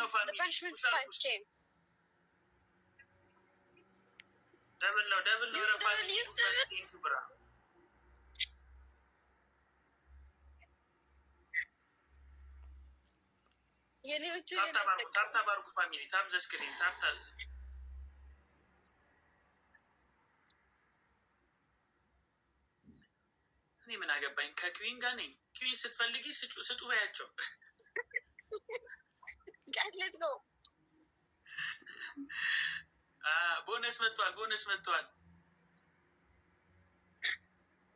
ነው ፋሚሊ ደብል ነው ደብል ነው ፋሚሊ ታብ ዘስክሪን እኔ ምን አገባኝ። ከኪዊን ጋር ነኝ። ኪዊን ስትፈልጊ ስጡ በያቸው። ሌትስ ጎ ቦነስ መጥቷል። ቦነስ መጥቷል።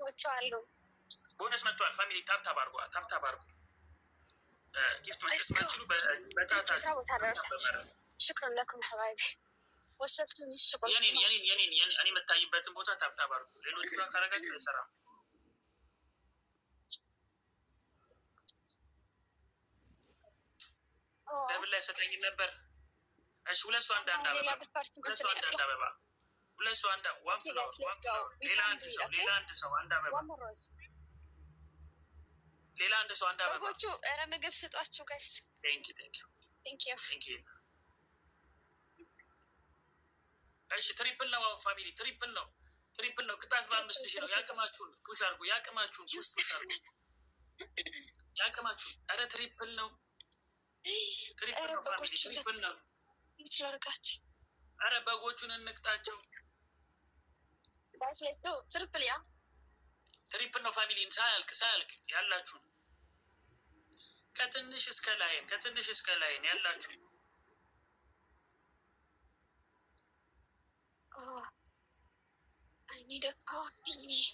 ወጥቻለሁ። ቦነስ መጥቷል። ፋሚሊ ታብታብ አድርጓ፣ ታብታብ አድርጉ። ጊፍት መስጠት መችሉ ሽክርን ለኩም ሐባይቢ ወሰድኩኝ። እኔ የምታይበትን ቦታ ታብታብ አድርጉ። ሌሎቹ ካረጋችሁ ሰራ ሰጠኝ ነበር። እሺ ሁለት ሰው አንድ አንድ አበባ ሁለት ሰው አንድ አንድ አበባ ሁለት ሰው አንድ ሌላ አንድ ሰው ሌላ አንድ ሰው አንድ አበባ ሌላ አንድ ሰው አንድ አበባ በጎቹ ኧረ ምግብ ስጧችሁ ጋይስ። እሺ ትሪፕል ነው አሁን ፋሚሊ ትሪፕል ነው ትሪፕል ነው። ቅጣት በአምስት ሺህ ነው። ያቅማችሁን ፑሽ አርጉ። ያቅማችሁን ፑሽ ያቅማችሁን ኧረ ትሪፕል ነው ኧረ በጎቹን እንቅጣቸው። ትሪፕል ያ ትሪፕል ነው። ፋሚሊን ሳያልቅ ሳያልቅ ያላችሁ ከትንሽ እስከ ላይን ከትንሽ እስከ ላይን ያላችሁ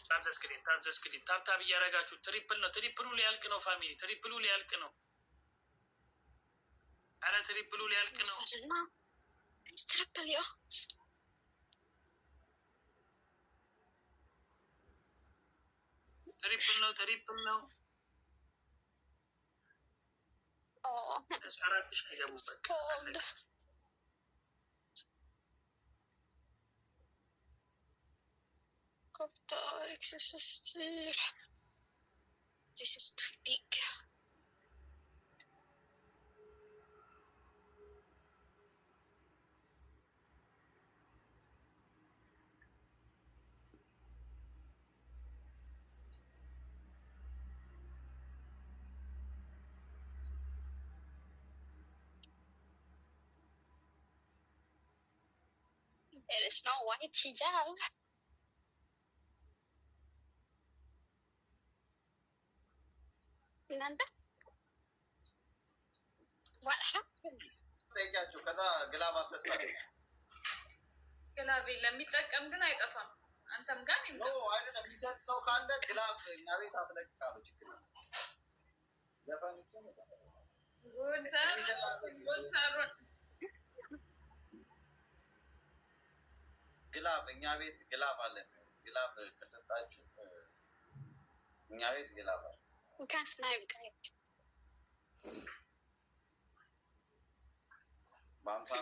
ታብ ዘስክሪን ታብ ዘስክሪን ታብ ታብ ትሪፕል ነው። ትሪፕሉ ሊያልቅ ነው ፋሚሊ፣ ትሪፕሉ ሊያልቅ ነው። አረ ትሪፕሉ ሊያልቅ ነው። ትሪፕል ያው ትሪፕል ነው። ትሪፕል ነው። አራት ሺህ አይገቡበት ኮፍታ ኤክሰስ ስ ስ ቢግ It is not white hijab. Nanda? What happens? ጠይቂያችሁ ከዛ ግላብ አሰጣል ግላብ የለም የሚጠቀም ግን አይጠፋም። አንተም ጋር አይደለም ሊሰጥ ሰው ካለ ግላብ እኛ ቤት አስለቅቃሉ። ችግር ጉድ ሰሩን ግላብ እኛ ቤት ግላብ አለ። ግላብ ከሰጣችሁ እኛ ቤት ግላብ አለ። በአምሳ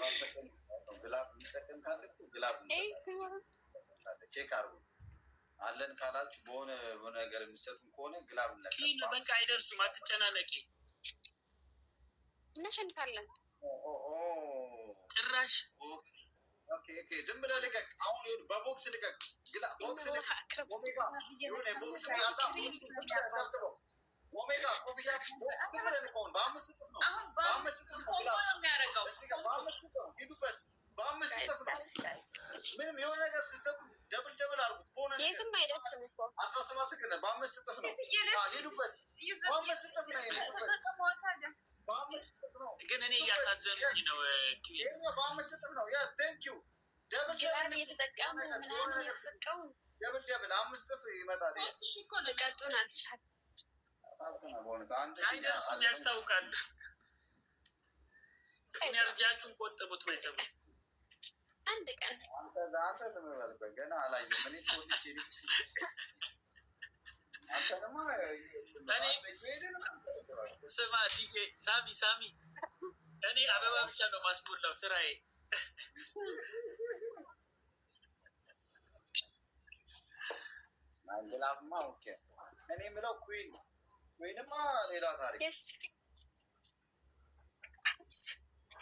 ቼክ አርጉ። አለን ካላችሁ በሆነ ነገር የሚሰጡን ከሆነ ግላብ እንለካለን። በቃ አይደርሱም፣ አትጨናነቂ፣ እናሸንፋለን ጭራሽ ዝም ብለህ ልቀቅ። አሁን በቦክስ ልቀቅ። ቦክስ ልቀቅ። ግን እኔ እያሳዘኑኝ ነው። በአምስት እጥፍ ነው ስ ንኪዩ ደብል ደብል አምስት እጥፍ ይመጣል። ያስታውቃል። ኢነርጂያችሁን ቆጥቡት። ቤተሰብ አንድ ቀን አንተ ገና አላየሁም እኔ ስማ ዲጄ ሳሚ ሳሚ፣ እኔ አበባ ብቻ ነው ማስሞላው ስራዬ። ማንገላፍማ ኦኬ። እኔ የምለው ኩዊን ወይንማ ሌላ ታሪክ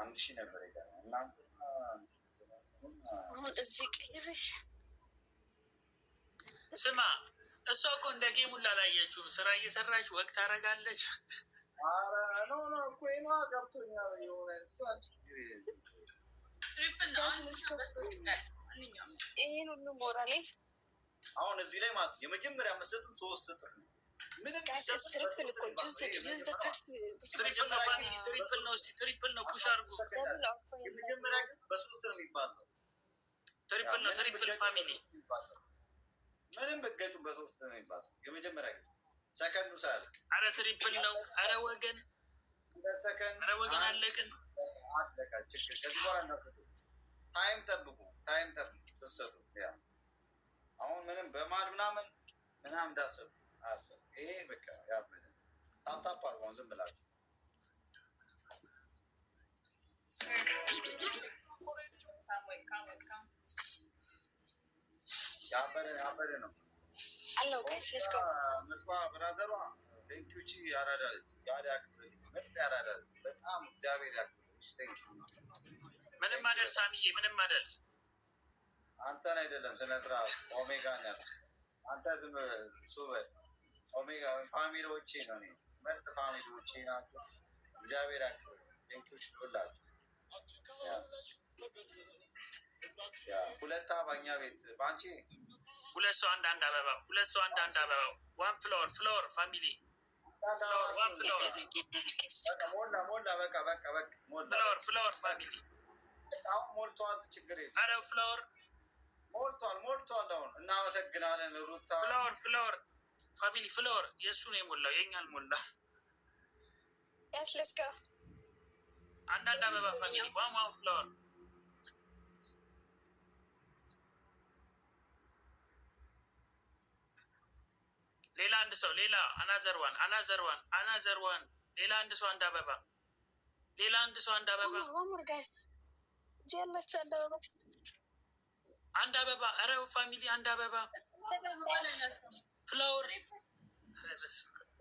አንድ ሺህ ነበር የቀረ እናንተ እዚህ ቀይረሽ ስማ፣ እሷ እኮ እንደ ጌሙላ አላየችውም። ስራ እየሰራች ወቅት አረጋለች። አሁን እዚህ ላይ ማለት የመጀመሪያ መሰጡ ሶስት እጥፍ ነው ምንም ትሪፕል ነው። እስኪ ትሪፕል ነው ፑሽ አድርጉ። ትሪፕል ነው። ትሪፕል ፋሚሊ ምንም ብገጩ በሶስት ነው የሚባለው የመጀመሪያ ጊዜ ሰከንዱ አረ ትሪፕል ነው። አረ ወገን አረ ወገን አለቅን። ታይም ጠብቁ፣ ታይም ጠብቁ ስትሰጡ። አሁን ምንም በማል ምናምን ምናምን እንዳሰቡ አያስፈልግም። ይሄ በቃ ያመነ ታፕታፕ አርጓን ዝም ብላችሁ አንተን አይደለም ስነ ስርዓት ኦሜጋ አንተ ዝም ሱበ ፋሚሊዎቼ ነው። ምርጥ ፋሚሊዎቼ ናቸው። እግዚአብሔር ያክብር። ሁለት አበኛ ቤት በአንቺ ሁለት ሰው አንድ አንድ አበባ ሁለት ሰው አንድ አንድ አበባ ዋን ፍሎር ፍሎር ፋሚሊ ፍሎር ሞልቷል። ችግር የለም። ፍሎር ሞልቷል ሞልቷል። አሁን እናመሰግናለን ሩታ ፍሎር ፍሎር ፋሚሊ ፍለወር የእሱ ነው የሞላው፣ የኛ አልሞላ። ያስለስጋ አንዳንድ አበባ ፋሚሊ ዋም ዋም ፍለወር ሌላ አንድ ሰው ሌላ አናዘር ዋን አናዘር ዋን አናዘር ዋን ሌላ አንድ ሰው አንድ አበባ ሌላ አንድ ሰው አንድ አበባ አንድ አበባ ኧረ ፋሚሊ አንድ አበባ ፍላወር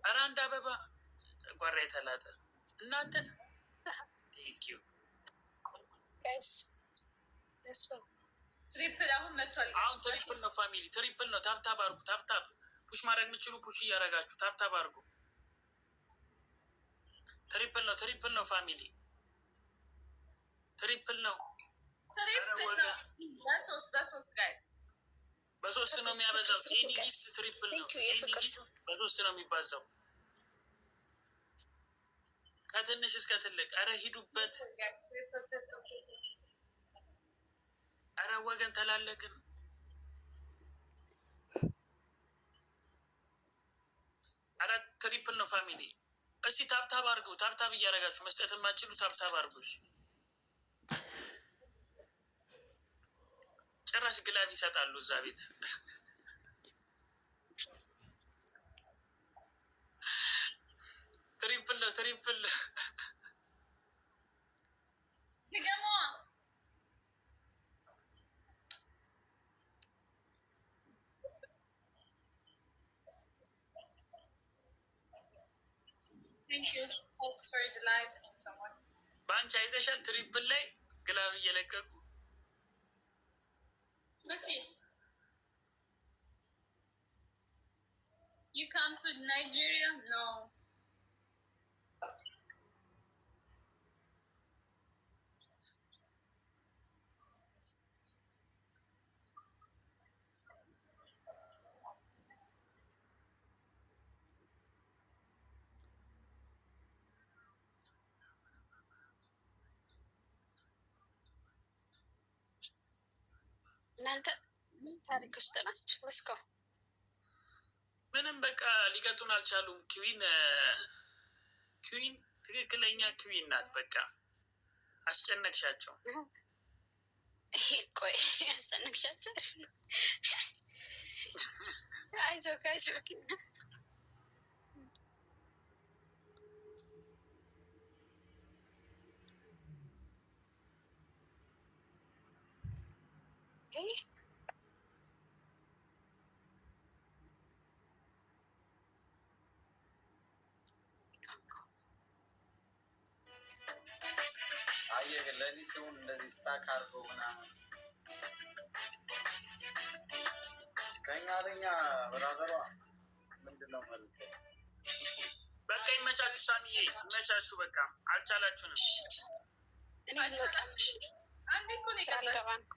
ኧረ አንድ አበባ ጓራ የተላጠ እናንተ ትሪፕል አሁን መቷል። አሁን ትሪፕል ነው ፋሚሊ፣ ትሪፕል ነው። ታብታብ አርጉ፣ ታብታብ ፑሽ ማድረግ የምችሉ ፑሽ እያደረጋችሁ ታብታብ አርጉ። ትሪፕል ነው፣ ትሪፕል ነው ፋሚሊ፣ ትሪፕል ነው፣ ትሪፕል ነው። በሶስት በሶስት ጋይስ በሶስት ነው የሚያበዛው። ኤኒዲስ ትሪፕል ነው። በሶስት ነው የሚባዛው። ከትንሽ እስከ ትልቅ። አረ ሂዱበት። አረ ወገን ተላለቅን። አረ ትሪፕል ነው ፋሚሊ። እስቲ ታብታብ አድርገው። ታብታብ እያደረጋችሁ መስጠት የማችሉ ታብታብ አድርጎች ጭራሽ ግላብ ይሰጣሉ እዛ ቤት። ትሪፕል ነው ትሪፕል በአንቺ አይተሻል። ትሪፕል ላይ ግላብ እየለቀቁ Okay. You come to Nigeria? No. እናንተ ምን ታሪክ ውስጥ ናቸው እስካሁን? ምንም በቃ ሊቀጡን አልቻሉም። ኪዊን ኪዊን ትክክለኛ ኪዊን ናት። በቃ አስጨነቅሻቸው። ቆይ አስጨነቅሻቸው። አይዞህ አይዞህ አለኝ። አየህ ለእኔ ሲሆን እንደዚህ ስታክ ምናምን ከኛ ለኛ ብራዘሯ ምንድነው መልሰ በቃ ይመቻችሁ፣ ሳሚዬ ይመቻችሁ። በቃ አልቻላችሁንም። እኔ በቃ ሳልገባ ነው